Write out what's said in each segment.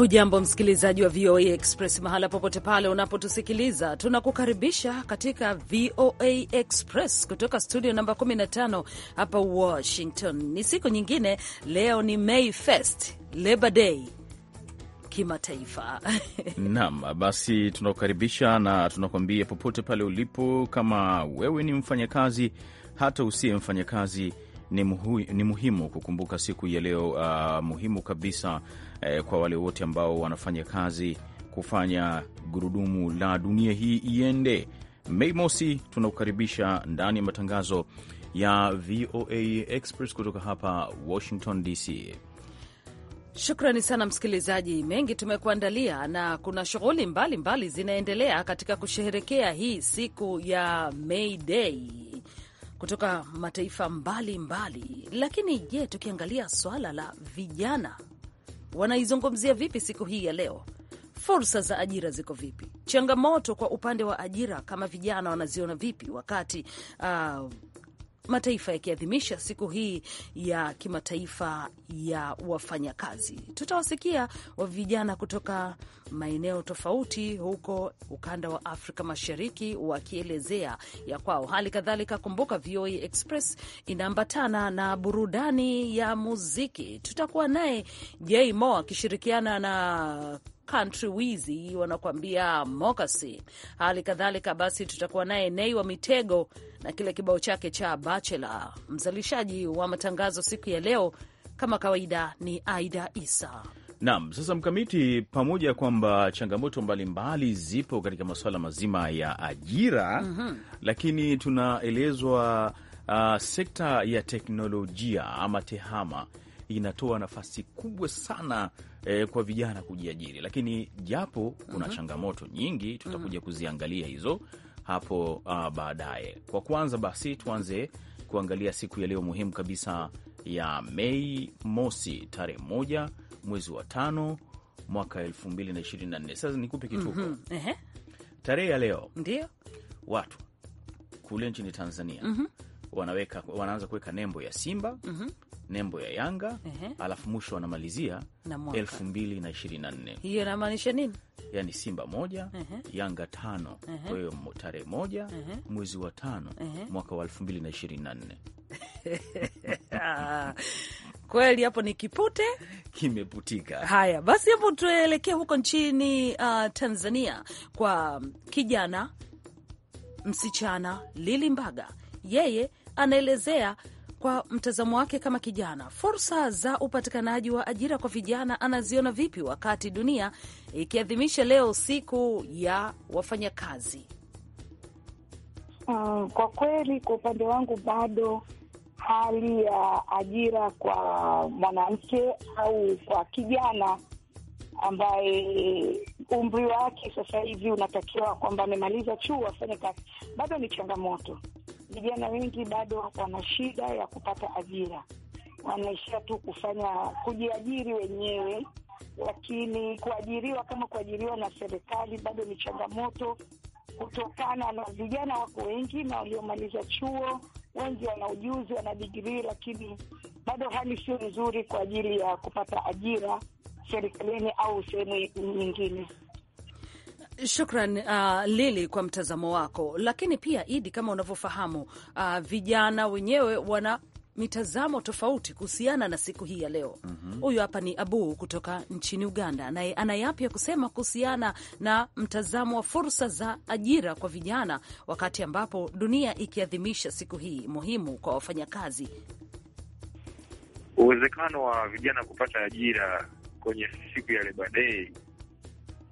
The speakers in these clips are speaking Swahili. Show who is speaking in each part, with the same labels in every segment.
Speaker 1: Hujambo msikilizaji wa VOA Express mahala popote pale unapotusikiliza, tunakukaribisha katika VOA Express kutoka studio namba 15 hapa Washington. Ni siku nyingine, leo ni May Fest, Labor Day kimataifa.
Speaker 2: Naam, basi tunakukaribisha na tunakuambia popote pale ulipo, kama wewe ni mfanyakazi, hata usiye mfanyakazi, ni, muhu, ni muhimu kukumbuka siku ya leo uh, muhimu kabisa eh, kwa wale wote ambao wanafanya kazi kufanya gurudumu la dunia hii iende. Mei Mosi tunakukaribisha ndani ya matangazo ya VOA Express kutoka hapa Washington DC.
Speaker 1: Shukrani sana msikilizaji, mengi tumekuandalia na kuna shughuli mbalimbali zinaendelea katika kusherehekea hii siku ya May Day kutoka mataifa mbalimbali mbali. Lakini je, tukiangalia swala la vijana wanaizungumzia vipi siku hii ya leo? Fursa za ajira ziko vipi? Changamoto kwa upande wa ajira kama vijana wanaziona vipi? Wakati uh, mataifa yakiadhimisha siku hii ya kimataifa ya wafanyakazi. Tutawasikia wa vijana kutoka maeneo tofauti huko ukanda wa Afrika Mashariki wakielezea ya kwao. Hali kadhalika, kumbuka VOA Express inaambatana na burudani ya muziki. Tutakuwa naye J Mo akishirikiana na Country Wizi wanakuambia Mokasi. Hali kadhalika basi, tutakuwa naye Nei wa Mitego na kile kibao chake cha Bachelor. Mzalishaji wa matangazo siku ya leo kama kawaida ni Aida Isa.
Speaker 2: Naam, sasa mkamiti, pamoja kwamba changamoto mbalimbali mbali zipo katika masuala mazima ya ajira mm -hmm. Lakini tunaelezwa uh, sekta ya teknolojia ama tehama inatoa nafasi kubwa sana eh, kwa vijana kujiajiri, lakini japo kuna mm changamoto nyingi tutakuja mhm. kuziangalia hizo hapo uh, baadaye. Kwa kwanza basi tuanze kuangalia siku ya leo muhimu kabisa ya Mei mosi tarehe moja mwezi wa tano mwaka elfu mbili na ishirini na nne. Sasa nikupe kituko mm -hmm. tarehe ya leo ndio watu kule nchini Tanzania mm -hmm wanaweka wanaanza kuweka nembo ya Simba mm -hmm. nembo ya Yanga Ehe. alafu mwisho wanamalizia elfu mbili na ishirini na nne. Hiyo
Speaker 1: inamaanisha nini?
Speaker 2: Yani Simba moja Ehe. Yanga tano kwa hiyo tarehe moja Ehe. mwezi wa tano Ehe. mwaka wa elfu mbili na ishirini na nne.
Speaker 1: Kweli hapo ni kipute
Speaker 2: kimeputika.
Speaker 1: Haya basi, hapo tuelekee huko nchini uh, Tanzania kwa kijana msichana Lili Mbaga, yeye anaelezea kwa mtazamo wake kama kijana, fursa za upatikanaji wa ajira kwa vijana anaziona vipi, wakati dunia ikiadhimisha leo siku ya wafanyakazi?
Speaker 3: Um, kwa kweli kwa upande wangu bado hali ya ajira kwa mwanamke au kwa kijana ambaye umri wake sasa hivi unatakiwa kwamba amemaliza chuo afanye kazi, bado ni changamoto, vijana wengi bado wana shida ya kupata ajira, wanaishia tu kufanya kujiajiri wenyewe, lakini kuajiriwa kama kuajiriwa na serikali bado ni changamoto, kutokana na vijana wako wengi na waliomaliza chuo wengi wana ujuzi, wana digrii lakini bado hali sio nzuri kwa ajili ya kupata ajira serikalini au sehemu nyingine.
Speaker 1: Shukran uh, Lili, kwa mtazamo wako. Lakini pia Idi, kama unavyofahamu uh, vijana wenyewe wana mitazamo tofauti kuhusiana na siku hii ya leo. Mhm. Huyu mm hapa ni Abu kutoka nchini Uganda, naye ana yapya kusema kuhusiana na mtazamo wa fursa za ajira kwa vijana, wakati ambapo dunia ikiadhimisha siku hii muhimu kwa wafanyakazi.
Speaker 4: Uwezekano wa vijana kupata ajira kwenye siku ya Leba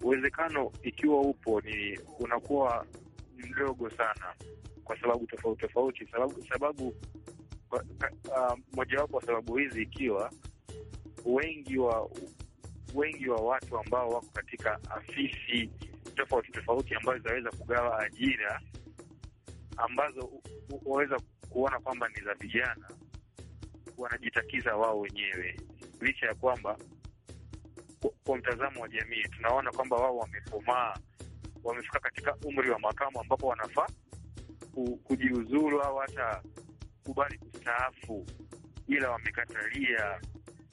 Speaker 4: uwezekano ikiwa upo ni unakuwa mdogo sana kwa sababu tofauti tofauti. Sababu, sababu uh, uh, mojawapo wa sababu hizi ikiwa wengi wa wengi wa watu ambao wako katika afisi tofauti tofauti ambazo zinaweza kugawa ajira ambazo waweza kuona kwamba ni za vijana wanajitakiza wao wenyewe licha ya kwamba kwa mtazamo wa jamii tunaona kwamba wao wamekomaa, wamefika katika umri wa makamu ambapo wanafaa kujiuzulu au hata kubali kustaafu, ila wamekatalia,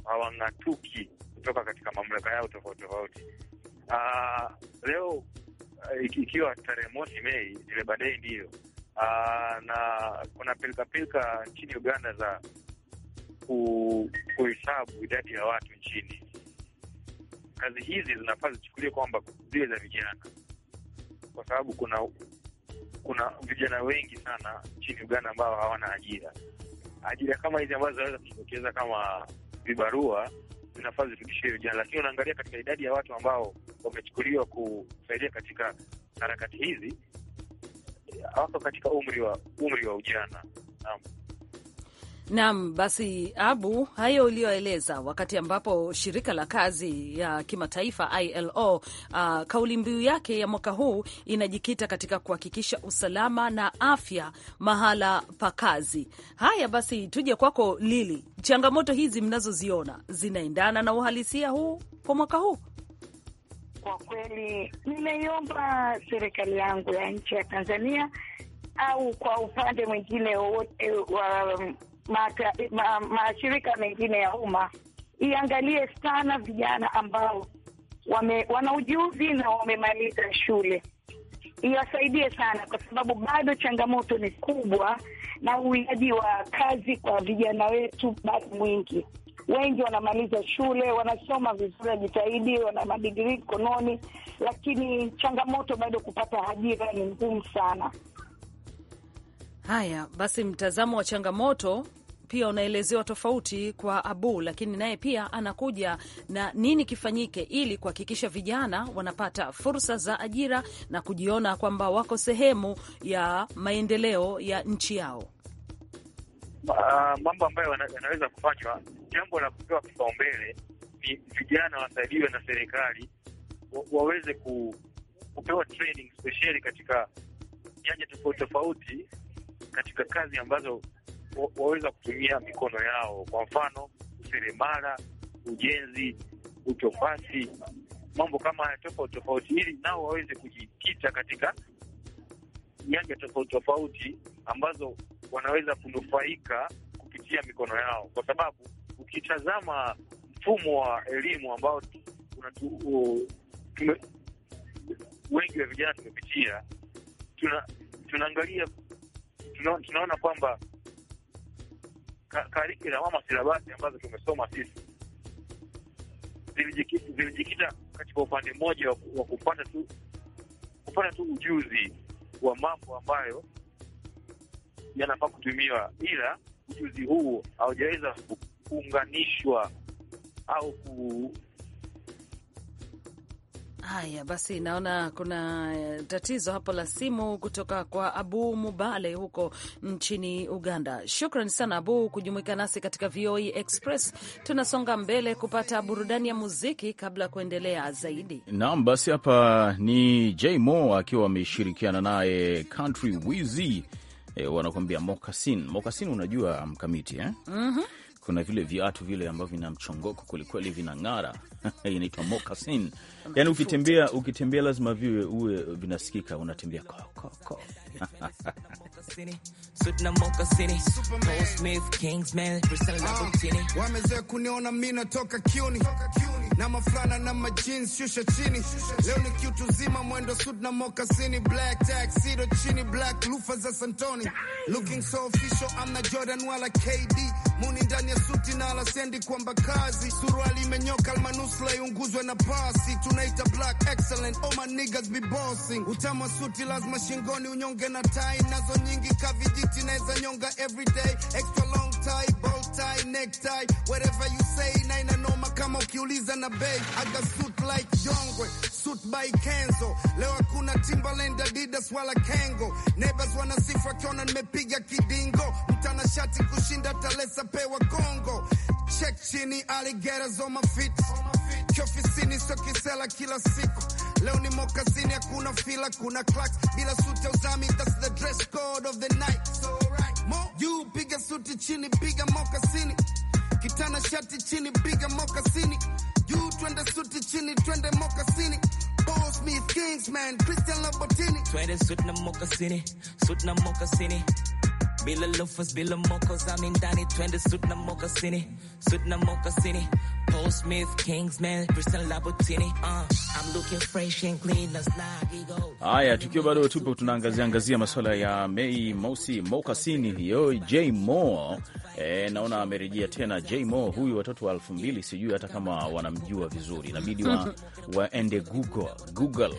Speaker 4: hawang'atuki kutoka katika mamlaka yao tofauti tofauti. Ah, leo eh, ikiwa tarehe mosi Mei ile baadaye ndiyo, ah, na kuna pilkapilka nchini Uganda za kuhesabu idadi ya watu nchini kazi hizi zinafaa zichukuliwe kwamba ziwe za vijana, kwa sababu kuna kuna vijana wengi sana nchini Uganda ambao hawana ajira. Ajira kama hizi ambazo zinaweza kujitokeza kama vibarua zinafaa zifikishie vijana, lakini unaangalia katika idadi ya watu ambao wamechukuliwa kusaidia katika harakati hizi, wako katika umri wa umri wa ujana. Naam.
Speaker 1: Naam, basi Abu, hayo uliyoeleza wakati ambapo shirika la kazi ya kimataifa ILO, uh, kauli mbiu yake ya mwaka huu inajikita katika kuhakikisha usalama na afya mahala pa kazi. Haya basi, tuje kwako Lili, changamoto hizi mnazoziona zinaendana
Speaker 3: na uhalisia huu kwa mwaka huu? Kwa kweli nimeiomba serikali yangu ya nchi ya Tanzania au kwa upande mwingine wowote wa mashirika ma, ma mengine ya umma iangalie sana vijana ambao wame, wana ujuzi na wamemaliza shule, iwasaidie sana, kwa sababu bado changamoto ni kubwa na uwiaji wa kazi kwa vijana wetu bado mwingi. Wengi wanamaliza shule, wanasoma vizuri, wajitahidi, wana madigrii mkononi, lakini changamoto bado kupata ajira ni ngumu sana.
Speaker 1: Haya basi, mtazamo wa changamoto pia unaelezewa tofauti kwa Abu, lakini naye pia anakuja na nini kifanyike ili kuhakikisha vijana wanapata fursa za ajira na kujiona kwamba wako sehemu ya maendeleo ya nchi yao.
Speaker 4: Uh, mambo ambayo yanaweza kufanywa, jambo la kupewa kipaumbele ni vijana wasaidiwe na serikali wa, waweze ku, kupewa training katika nyanja tofauti tofauti katika kazi ambazo waweza kutumia mikono yao, kwa mfano useremala, ujenzi, uchopasi, mambo kama haya tofauti tofauti, ili nao waweze kujikita katika nyanja tofauti tofauti ambazo wanaweza kunufaika kupitia mikono yao, kwa sababu ukitazama mfumo wa elimu ambao wengi wa vijana tumepitia, tuna tunaangalia tunaona kwamba karikulamu ama silabasi ambazo tumesoma sisi zilijikita katika upande mmoja wa kupata tu kupata tu ujuzi wa mambo ambayo yanafaa kutumiwa, ila ujuzi huu haujaweza kuunganishwa au
Speaker 1: Haya basi, naona kuna eh, tatizo hapo la simu kutoka kwa Abu Mubale huko nchini Uganda. Shukran sana Abu kujumuika nasi katika VOA e Express. Tunasonga mbele kupata burudani ya muziki kabla ya kuendelea zaidi.
Speaker 2: Naam, basi hapa ni J Mo akiwa ameshirikiana naye Country Wizi e, eh, wanakuambia mokasin. Mokasin unajua mkamiti eh? mm -hmm. Kuna vile viatu vile ambavyo vina mchongoko kwelikweli, vinang'ara inaitwa mokasin yani ukitembea ukitembea lazima viwe uwe vinasikika, unatembea ko ko
Speaker 5: wamezea kuniona mi natoka kiuni na mafulana na majins shusha chini leo ni kiutu zima mwendo sud na mokasini black tuxedo chini black lufa za santoni looking so official I'm not Jordan wala KD muni ndani ya suti na alasendi kwamba kazi suruali imenyoka almanusla iunguzwe na pasi tu tunaita black excellent. Oh, my niggas be bossing. Utama suti lazima shingoni, unyonge na tai nazo nyingi kavijiti, naweza nyonga everyday extra long tie, bow tie, necktie, whatever you say na inanoma kama ukiuliza na bei got suit like jongwe suit by Kenzo. Leo hakuna Timberland, Adidas wala Kengo. Neighbors wanasifu akiona nimepiga kidingo, mtana shati kushinda talesa pewa Kongo. Check chini alligators on my feet Nikiwa ofisini sio kisela kila siku. Leo ni mokasini, hakuna fila, kuna cracks bila suti uzami, that's the dress code of the night. So right. Mo you piga suti chini, piga mokasini. Kitana shati chini, piga mokasini. You twende suti chini, twende mokasini. Boss me Kingsman, Christian Lobotini. Twende suti na mokasini, suti na mokasini bila
Speaker 6: loafers, bila mocos, in Danny, twenty suit na mocasini, suit na mocasini Paul Smith, Kingsman, Bristol Labutini, uh, I'm looking fresh and clean, let's not
Speaker 2: go. Haya, tukiwa bado tupo tunaangazia angazia masuala ya Mei Mosi, mocasini hiyo J Mo E, eh, naona amerejea tena J Mo huyu, watoto wa elfu mbili sijui hata kama wanamjua vizuri, inabidi wa, waende Google, Google.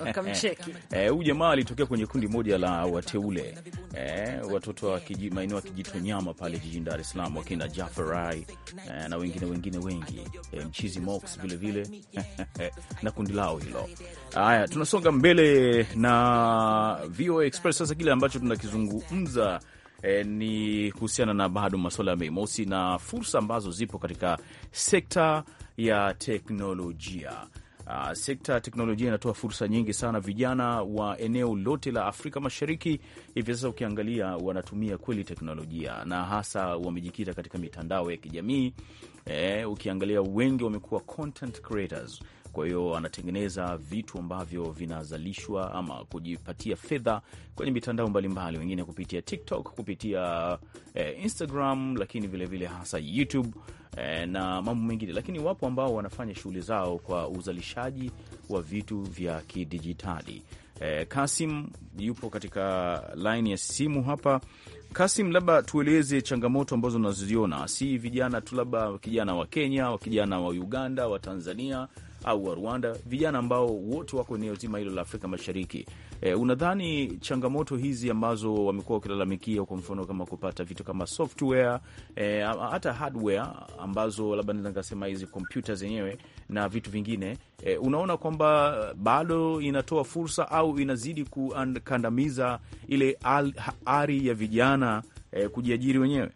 Speaker 2: Wakamcheki. E, huyu jamaa alitokea kwenye kundi moja la wateule e, watoto wa maeneo ya Kijito Nyama pale jijini Dar es Salaam, wakina Jafarai eh, na wengine wengine wengi eh, Mchizi Mox vilevile na kundi lao hilo. Haya, tunasonga mbele na VOA Express. Sasa kile ambacho tunakizungumza E, ni kuhusiana na bado masuala ya Mei Mosi na fursa ambazo zipo katika sekta ya teknolojia. Uh, sekta ya teknolojia inatoa fursa nyingi sana vijana wa eneo lote la Afrika Mashariki. Hivi sasa ukiangalia, wanatumia kweli teknolojia na hasa wamejikita katika mitandao ya kijamii eh, ukiangalia wengi wamekuwa content creators kwa hiyo anatengeneza vitu ambavyo vinazalishwa ama kujipatia fedha kwenye mitandao mbalimbali, wengine kupitia TikTok, kupitia eh, Instagram, lakini vilevile vile hasa YouTube eh, na mambo mengine. Lakini wapo ambao wanafanya shughuli zao kwa uzalishaji wa vitu vya kidijitali. Eh, Kasim yupo katika laini ya simu hapa. Kasim, labda tueleze changamoto ambazo unaziona, si vijana tu, labda kijana wa Kenya, kijana wa Uganda, wa Tanzania au wa Rwanda, vijana ambao wote wako eneo zima hilo la Afrika Mashariki. E, unadhani changamoto hizi ambazo wamekuwa wakilalamikia, kwa mfano kama kupata vitu kama software e, hata hardware ambazo labda naweza nikasema hizi kompyuta zenyewe na vitu vingine e, unaona kwamba bado inatoa fursa au inazidi kukandamiza ile al, ari ya vijana e, kujiajiri wenyewe?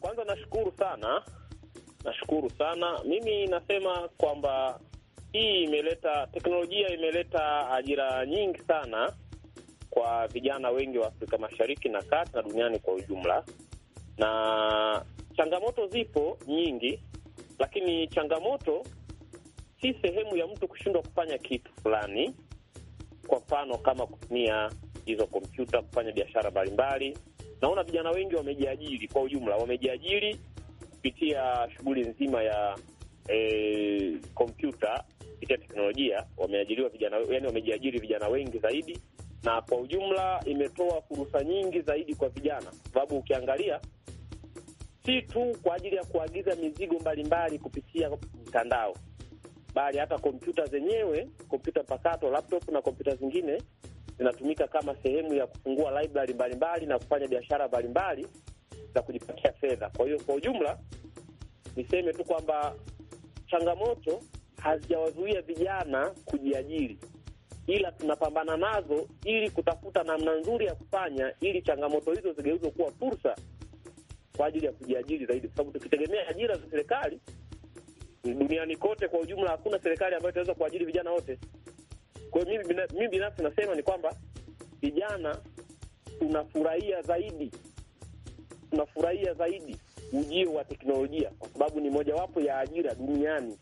Speaker 7: Kwanza nashukuru sana Nashukuru sana. Mimi nasema kwamba hii imeleta teknolojia, imeleta ajira nyingi sana kwa vijana wengi wa Afrika Mashariki na kati na duniani kwa ujumla, na changamoto zipo nyingi, lakini changamoto si sehemu ya mtu kushindwa kufanya kitu fulani, kwa mfano kama kutumia hizo kompyuta kufanya biashara mbalimbali. Naona vijana wengi wamejiajiri kwa ujumla, wamejiajiri kupitia shughuli nzima ya kompyuta e, kupitia teknolojia wameajiriwa vijana, yani wamejiajiri vijana wengi zaidi, na kwa ujumla imetoa fursa nyingi zaidi kwa vijana, sababu ukiangalia si tu kwa ajili ya kuagiza mizigo mbalimbali kupitia mtandao, bali hata kompyuta zenyewe, kompyuta mpakato, laptop na kompyuta zingine zinatumika kama sehemu ya kufungua library mbalimbali na kufanya biashara mbalimbali za kujipatia fedha. Kwa hiyo kwa ujumla niseme tu kwamba changamoto hazijawazuia vijana kujiajiri, ila tunapambana nazo ili kutafuta namna nzuri ya kufanya ili changamoto hizo zigeuzwe kuwa fursa kwa ajili ya kujiajiri zaidi, kwa sababu tukitegemea ajira za serikali duniani kote kwa ujumla, hakuna serikali ambayo itaweza kuajiri vijana wote. Kwa hiyo mimi binafsi nasema ni kwamba vijana tunafurahia zaidi, tunafurahia zaidi ujio wa teknolojia, kwa sababu ni mojawapo ya ajira duniani.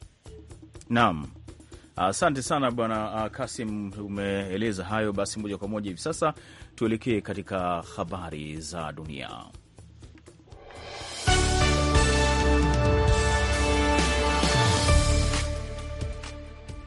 Speaker 2: Naam. Asante sana bwana uh, Kasim, umeeleza hayo. Basi moja kwa moja hivi sasa tuelekee katika habari za dunia.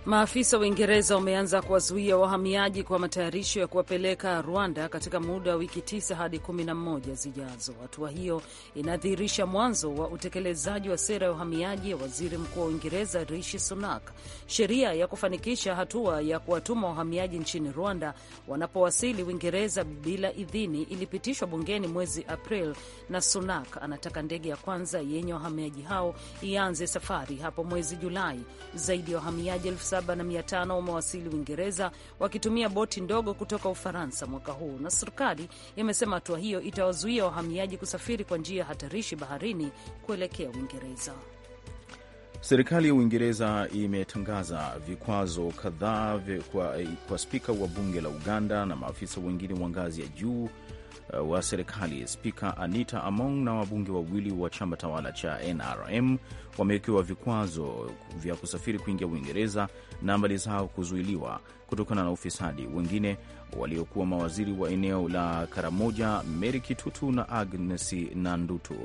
Speaker 1: Maafisa wa Uingereza wameanza kuwazuia wahamiaji kwa matayarisho ya kuwapeleka Rwanda katika muda wa wiki tisa hadi kumi na mmoja zijazo. Hatua hiyo inadhihirisha mwanzo wa utekelezaji wa sera ya uhamiaji ya waziri mkuu wa Uingereza Rishi Sunak. Sheria ya kufanikisha hatua ya kuwatuma wahamiaji nchini Rwanda wanapowasili Uingereza bila idhini ilipitishwa bungeni mwezi April, na Sunak anataka ndege ya kwanza yenye wahamiaji hao ianze safari hapo mwezi Julai. Zaidi ya wahamiaji elfu 7500 wamewasili Uingereza wakitumia boti ndogo kutoka Ufaransa mwaka huu, na serikali imesema hatua hiyo itawazuia wahamiaji kusafiri kwa njia hatarishi baharini kuelekea Uingereza.
Speaker 2: Serikali ya Uingereza imetangaza vikwazo kadhaa kwa, kwa spika wa bunge la Uganda na maafisa wengine wa ngazi ya juu Uh, wa serikali Spika Anita Among na wabunge wawili wa chama tawala cha NRM wamewekewa vikwazo vya kusafiri kuingia Uingereza na mali zao kuzuiliwa kutokana na ufisadi. Wengine waliokuwa mawaziri wa eneo la Karamoja, Mary Kitutu na Agnes Nandutu,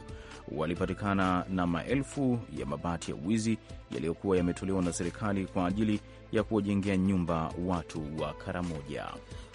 Speaker 2: walipatikana na maelfu ya mabati ya wizi yaliyokuwa yametolewa na serikali kwa ajili ya kuwajengea nyumba watu wa Karamoja.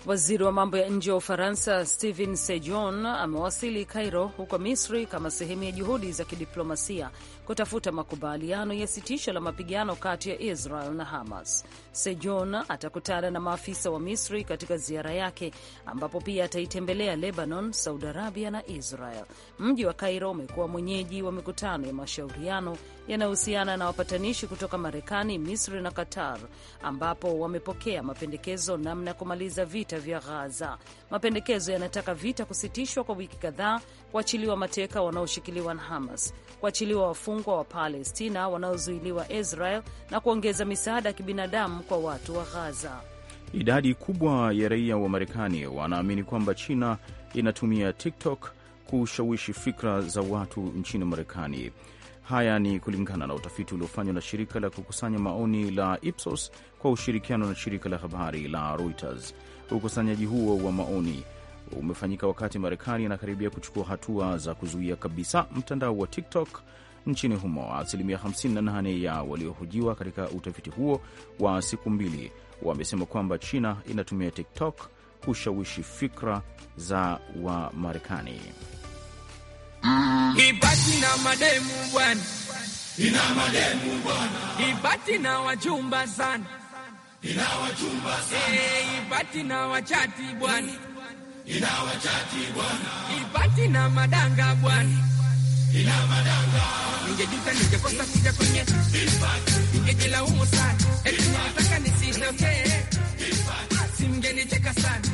Speaker 1: Waziri wa mambo ya nje wa Ufaransa stephen sejon amewasili Cairo huko Misri kama sehemu ya juhudi za kidiplomasia kutafuta makubaliano ya sitisho la mapigano kati ya Israel na Hamas. sejon atakutana na maafisa wa Misri katika ziara yake, ambapo pia ataitembelea Lebanon, Saudi Arabia na Israel. Mji wa Cairo umekuwa mwenyeji wa mikutano ya mashauriano yanayohusiana na wapatanishi kutoka Marekani, Misri na Qatar, ambapo wamepokea mapendekezo namna ya kumaliza vita vita vya Ghaza. Mapendekezo yanataka vita kusitishwa kwa wiki kadhaa, kuachiliwa mateka wanaoshikiliwa na Hamas, kuachiliwa wafungwa wa Palestina wanaozuiliwa Israel na kuongeza misaada ya kibinadamu kwa watu wa Ghaza.
Speaker 2: Idadi kubwa ya raia wa Marekani wanaamini kwamba China inatumia TikTok kushawishi fikra za watu nchini Marekani. Haya ni kulingana na utafiti uliofanywa na shirika la kukusanya maoni la Ipsos kwa ushirikiano na shirika la habari la Reuters. Ukusanyaji huo wa maoni umefanyika wakati Marekani inakaribia kuchukua hatua za kuzuia kabisa mtandao wa TikTok nchini humo. Asilimia 58 ya waliohojiwa katika utafiti huo wa siku mbili wamesema kwamba China inatumia TikTok kushawishi fikra za Wamarekani.
Speaker 6: Hibati na mademu bwana, ina mademu bwana, na wajumba sana inawachumba sana. Hey, ipati na wachati bwana, inawachati bwana, ipati na madanga bwana, Ningejuta ningekosa kuja kwenye ningejilaumu sana, eti nataka nisitokee ipati, simngenicheka sana,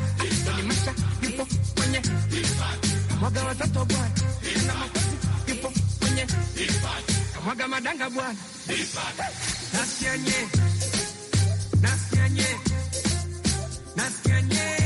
Speaker 6: nimesha yupo kwenye ipati, watoto bwana, na makosi yupo kwenye ipati, madanga bwana, ipati Nas Kanye. Nas Kanye.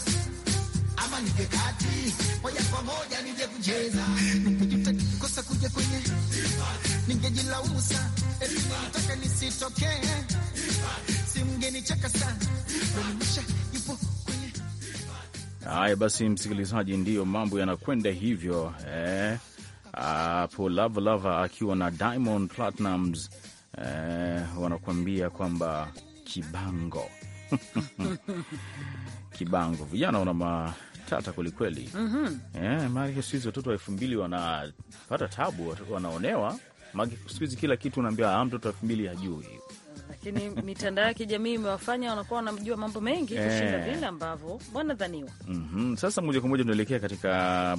Speaker 6: nipige moja kwa moja nije kucheza kuja kwenye ningejilaumu sana nataka nisitokee sana nimesha
Speaker 2: haya. Basi msikilizaji, ndiyo mambo yanakwenda hivyo eh. Hapo Lava Lava akiwa na Diamond Platnumz eh, wanakuambia kwamba kibango kibango, vijana wana tata kwelikweli. mm -hmm. Yeah, maana siku hizi watoto wa elfu mbili wanapata tabu, wanaonewa maana siku hizi kila kitu unaambia ah, mtoto wa elfu mbili hajui
Speaker 1: lakini mitandao ya kijamii imewafanya wanakuwa wanamjua mambo mengi kushinda eh. vile ambavyo wanadhaniwa.
Speaker 2: mm -hmm. Sasa moja kwa moja tunaelekea katika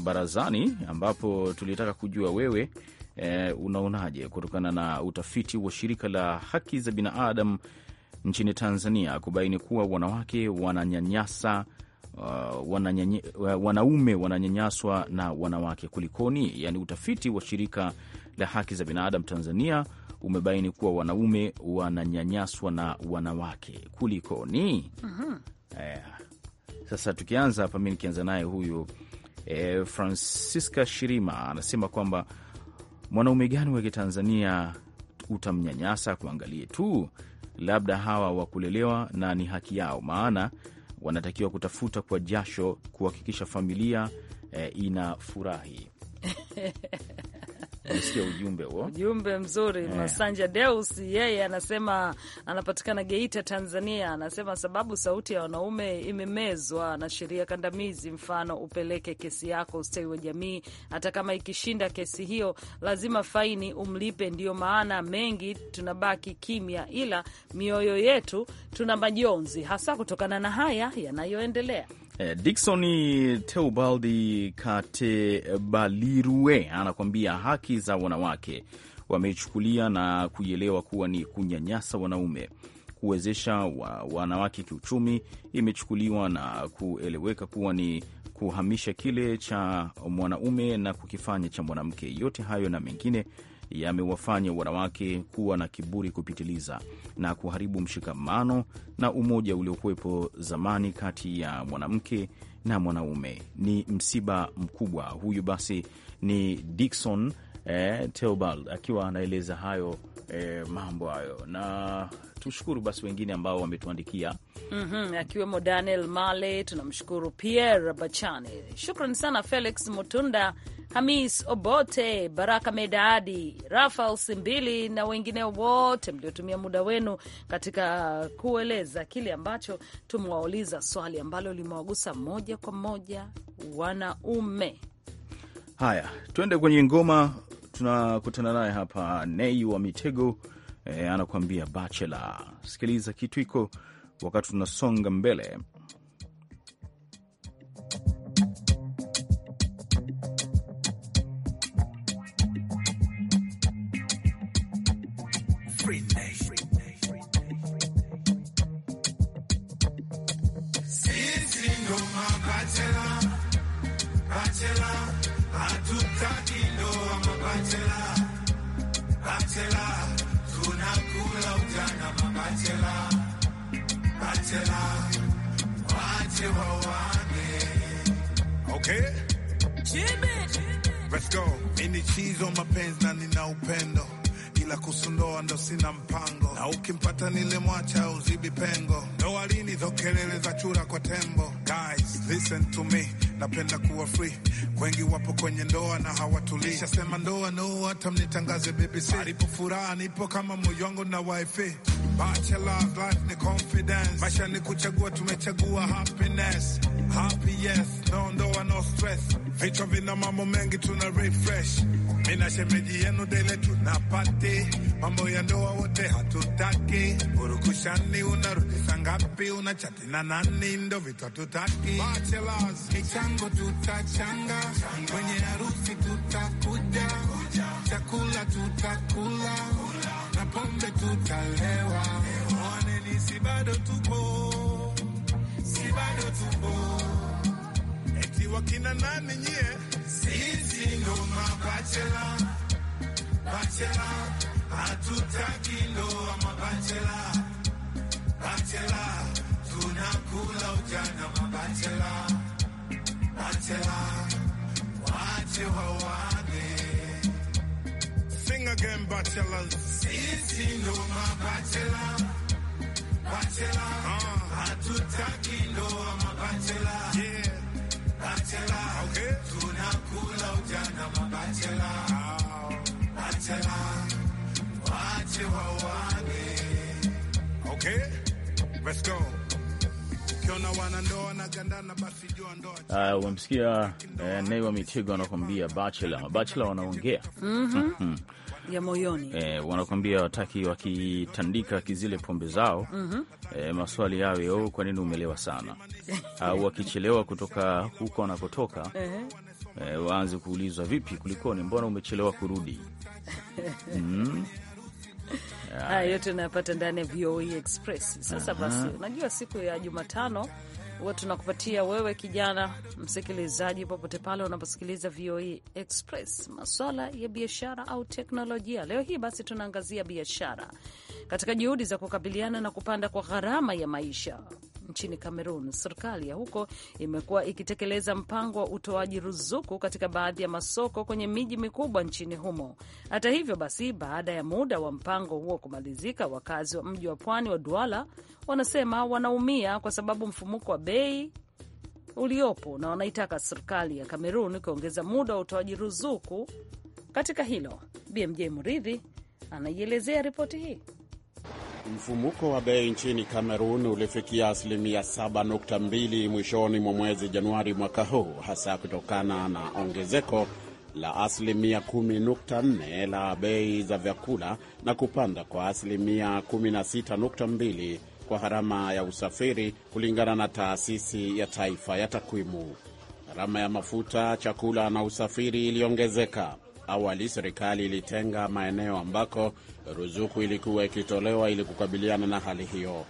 Speaker 2: barazani, ambapo tulitaka kujua wewe eh, unaonaje kutokana na utafiti wa shirika la haki za binadamu nchini Tanzania kubaini kuwa wanawake wananyanyasa Uh, uh, wanaume wananyanyaswa na wanawake kulikoni? Yani, utafiti wa shirika la haki za binadamu Tanzania umebaini kuwa wanaume wananyanyaswa na wanawake kulikoni? Uh-huh. Eh, sasa tukianza hapa, mi nikianza naye huyu eh, Francisca Shirima anasema kwamba mwanaume gani wa Kitanzania utamnyanyasa? Kuangalie tu labda hawa wakulelewa na ni haki yao, maana wanatakiwa kutafuta kwa jasho kuhakikisha familia eh, ina furahi Umesikia ujumbe huo,
Speaker 1: ujumbe mzuri yeah. Masanja Deus yeye anasema, anapatikana Geita, Tanzania. Anasema sababu sauti ya wanaume imemezwa na sheria kandamizi, mfano upeleke kesi yako ustawi wa jamii, hata kama ikishinda kesi hiyo lazima faini umlipe. Ndiyo maana mengi tunabaki kimya, ila mioyo yetu tuna majonzi, hasa kutokana na haya yanayoendelea.
Speaker 2: Eh, Dikson Teubaldi Katebalirue anakuambia haki za wanawake wameichukulia na kuielewa kuwa ni kunyanyasa wanaume. Kuwezesha wa wanawake kiuchumi imechukuliwa na kueleweka kuwa ni kuhamisha kile cha mwanaume na kukifanya cha mwanamke. Yote hayo na mengine yamewafanya wanawake kuwa na kiburi kupitiliza na kuharibu mshikamano na umoja uliokuwepo zamani kati ya mwanamke na mwanaume. Ni msiba mkubwa huyu. Basi ni dikson eh, Teobald akiwa anaeleza hayo eh, mambo hayo na tushukuru basi wengine ambao wametuandikia
Speaker 1: mm -hmm, akiwemo Daniel Male, tunamshukuru Pierre Bachane, shukran sana Felix Mutunda Hamis Obote, Baraka Medaadi, Rafael Simbili na wengine wote mliotumia muda wenu katika kueleza kile ambacho tumewauliza, swali ambalo limewagusa moja kwa moja wanaume.
Speaker 2: Haya, tuende kwenye ngoma. Tunakutana naye hapa Nei wa Mitego e, anakuambia bachela. Sikiliza kitu iko wakati tunasonga mbele.
Speaker 8: Ini chizo mapenzi na nina upendo ila kusundoa ndo sina mpango na ukimpata nile mwacha uzibi pengo ndoa lini dhokelele za chura kwa tembo. Guys, listen to me napenda kuwa free. Wengi wapo kwenye ndoa na hawatulii, shasema ndoa no, hata mnitangaze BBC. Alipo furaha nipo kama moyo wangu na wifi. Bachelor life ni confidence, maisha ni kuchagua, tumechagua happiness. Happy yes, no ndoa no stress, vichwa vina mambo mengi tuna refresh mina shemeji yenu dele tunapate mambo ya ndoa wote hatutaki urukushani, unarudisha ngapi? Unachati na nani? Ndo vitu hatutaki. Michango tutachanga, kwenye harusi tutakuja, chakula tutakula na pombe tutalewa. Mwaneni, si bado tupo, si bado tupo wakina nani nyie? Sisi ndo mabachela, bachela, hatutaki ndoa mabachela, bachela, tunakula ujana mabachela, bachela, wache wawane. Sing again, bachelors. Sisi ndo mabachela Bachelor, ah. Hatutaki ndoa mabachela. Yeah. bachelor, okay. tunakula ujana mabachela bachela, wache Okay, let's go.
Speaker 2: Uh, umemsikia eh, Neiwa Mitego anakuambia bachela, mabachela wanaongea mm -hmm.
Speaker 1: ya moyoni
Speaker 2: eh, wanakuambia wataki, wakitandika kizile pombe zao mm -hmm. e, maswali yao oh, kwa nini umelewa sana au wakichelewa kutoka huko wanakotoka e, waanze kuulizwa vipi, kulikoni, mbona umechelewa kurudi? mm. Haya
Speaker 1: yote unayapata ndani ya VOA e Express. Sasa basi, unajua siku ya Jumatano huwa tunakupatia wewe kijana msikilizaji, popote pale unaposikiliza VOA e Express, maswala ya biashara au teknolojia. Leo hii basi tunaangazia biashara katika juhudi za kukabiliana na kupanda kwa gharama ya maisha nchini Kamerun, serikali ya huko imekuwa ikitekeleza mpango wa utoaji ruzuku katika baadhi ya masoko kwenye miji mikubwa nchini humo. Hata hivyo basi, baada ya muda wa mpango huo kumalizika, wakazi wa mji wa pwani wa Duala wanasema wanaumia kwa sababu mfumuko wa bei uliopo na wanaitaka serikali ya Kamerun kuongeza muda wa utoaji ruzuku katika hilo. BMJ Muridhi anaielezea ripoti hii.
Speaker 9: Mfumuko wa bei nchini Kamerun ulifikia asilimia 7.2 mwishoni mwa mwezi Januari mwaka huu, hasa kutokana na ongezeko la asilimia 10.4 la bei za vyakula na kupanda kwa asilimia 16.2 kwa gharama ya usafiri, kulingana na taasisi ya taifa ya takwimu. Gharama ya mafuta, chakula na usafiri iliongezeka awali serikali ilitenga maeneo ambako ruzuku ilikuwa ikitolewa ili kukabiliana na hali hiyo.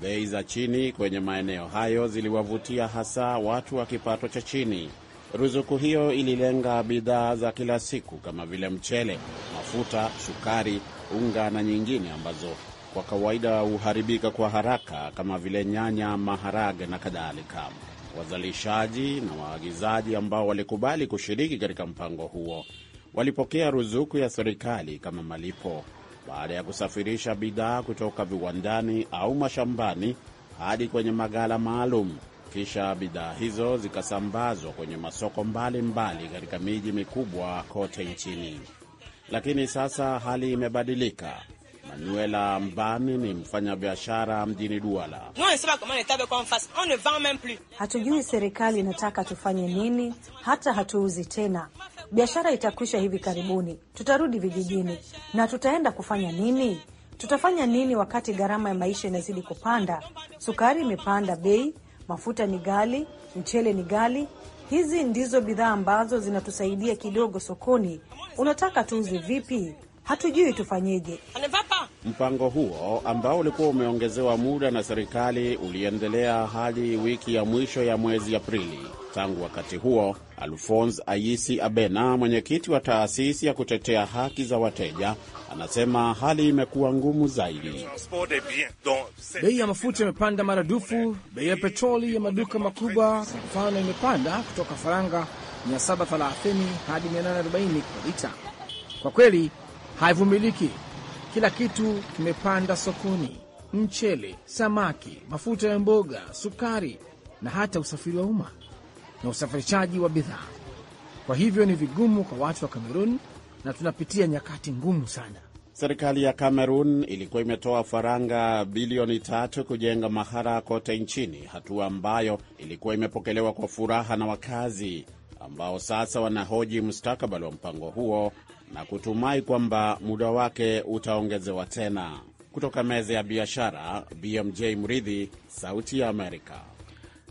Speaker 9: Bei za chini kwenye maeneo hayo ziliwavutia hasa watu wa kipato cha chini. Ruzuku hiyo ililenga bidhaa za kila siku kama vile mchele, mafuta, sukari, unga na nyingine ambazo kwa kawaida huharibika kwa haraka kama vile nyanya, maharage na kadhalika. Wazalishaji na waagizaji ambao walikubali kushiriki katika mpango huo walipokea ruzuku ya serikali kama malipo baada ya kusafirisha bidhaa kutoka viwandani au mashambani hadi kwenye magala maalum. Kisha bidhaa hizo zikasambazwa kwenye masoko mbalimbali katika miji mikubwa kote nchini. Lakini sasa hali imebadilika. Manuela Mbani ni mfanyabiashara mjini Duala.
Speaker 1: Hatujui serikali inataka tufanye nini, hata hatuuzi tena. Biashara itakwisha hivi karibuni, tutarudi vijijini na tutaenda kufanya nini? Tutafanya nini wakati gharama ya maisha inazidi kupanda? Sukari imepanda bei, mafuta ni ghali, mchele ni ghali. Hizi ndizo bidhaa ambazo zinatusaidia kidogo sokoni. Unataka tuuze vipi? hatujui tufanyeje.
Speaker 9: Mpango huo ambao ulikuwa umeongezewa muda na serikali uliendelea hadi wiki ya mwisho ya mwezi Aprili. Tangu wakati huo, Alphonse Ayisi Abena, mwenyekiti wa taasisi ya kutetea haki za wateja, anasema hali imekuwa ngumu zaidi.
Speaker 2: Bei ya mafuta imepanda maradufu. Bei ya petroli ya maduka makubwa kwa mfano imepanda kutoka faranga 730 hadi 840 kwa lita. Kwa kweli haivumiliki. Kila kitu kimepanda sokoni: mchele, samaki, mafuta ya mboga, sukari na hata usafiri wa umma na usafirishaji wa bidhaa. Kwa hivyo ni vigumu kwa watu wa Kamerun na tunapitia nyakati ngumu sana.
Speaker 9: Serikali ya Kamerun ilikuwa imetoa faranga bilioni tatu kujenga mahara kote nchini, hatua ambayo ilikuwa imepokelewa kwa furaha na wakazi ambao sasa wanahoji mustakabali wa mpango huo na kutumai kwamba muda wake utaongezewa tena. Kutoka meza ya biashara, BMJ Mridhi, Sauti ya Amerika.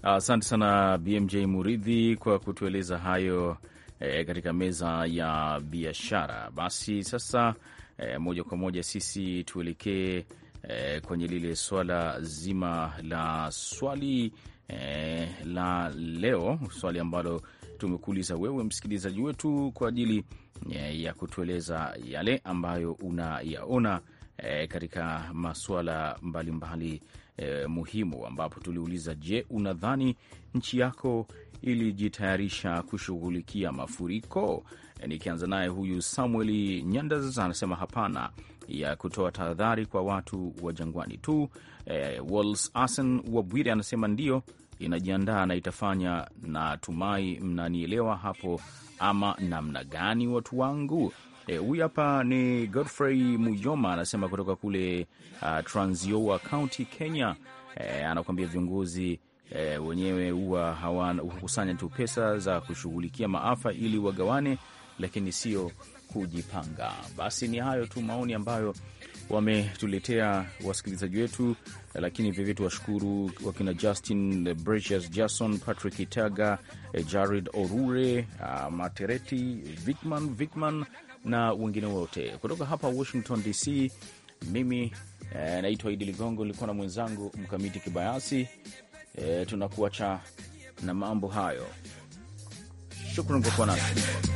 Speaker 2: Asante uh, sana BMJ Muridhi kwa kutueleza hayo eh, katika meza ya biashara. Basi sasa eh, moja kwa moja sisi tuelekee eh, kwenye lile swala zima la swali eh, la leo, swali ambalo tumekuuliza wewe msikilizaji wetu kwa ajili Eh, ya kutueleza yale ambayo unayaona e, katika masuala mbalimbali e, muhimu, ambapo tuliuliza, je, unadhani nchi yako ilijitayarisha kushughulikia mafuriko? E, nikianza naye huyu Samuel Nyandas anasema hapana, ya kutoa tahadhari kwa watu wa jangwani tu. E, Wals Asen Wabwire anasema ndio inajiandaa na itafanya, na tumai mnanielewa hapo ama namna gani, watu wangu. Eh, huyu e, hapa ni Godfrey Muyoma anasema kutoka kule uh, ah, Trans Nzoia County, Kenya. E, anakuambia viongozi e, wenyewe huwa hukusanya tu pesa za kushughulikia maafa ili wagawane, lakini sio kujipanga. Basi ni hayo tu maoni ambayo wametuletea wasikilizaji wetu, lakini vilevile tuwashukuru wakina Justin Bridges, Jason Patrick Itaga, Jared Orure, ah, Matereti Vikman Vikman na wengine wote kutoka hapa Washington DC. Mimi eh, naitwa Idi Ligongo, nilikuwa na mwenzangu Mkamiti Kibayasi. Eh, tunakuacha na mambo hayo. Shukran kwa kuwa nasi.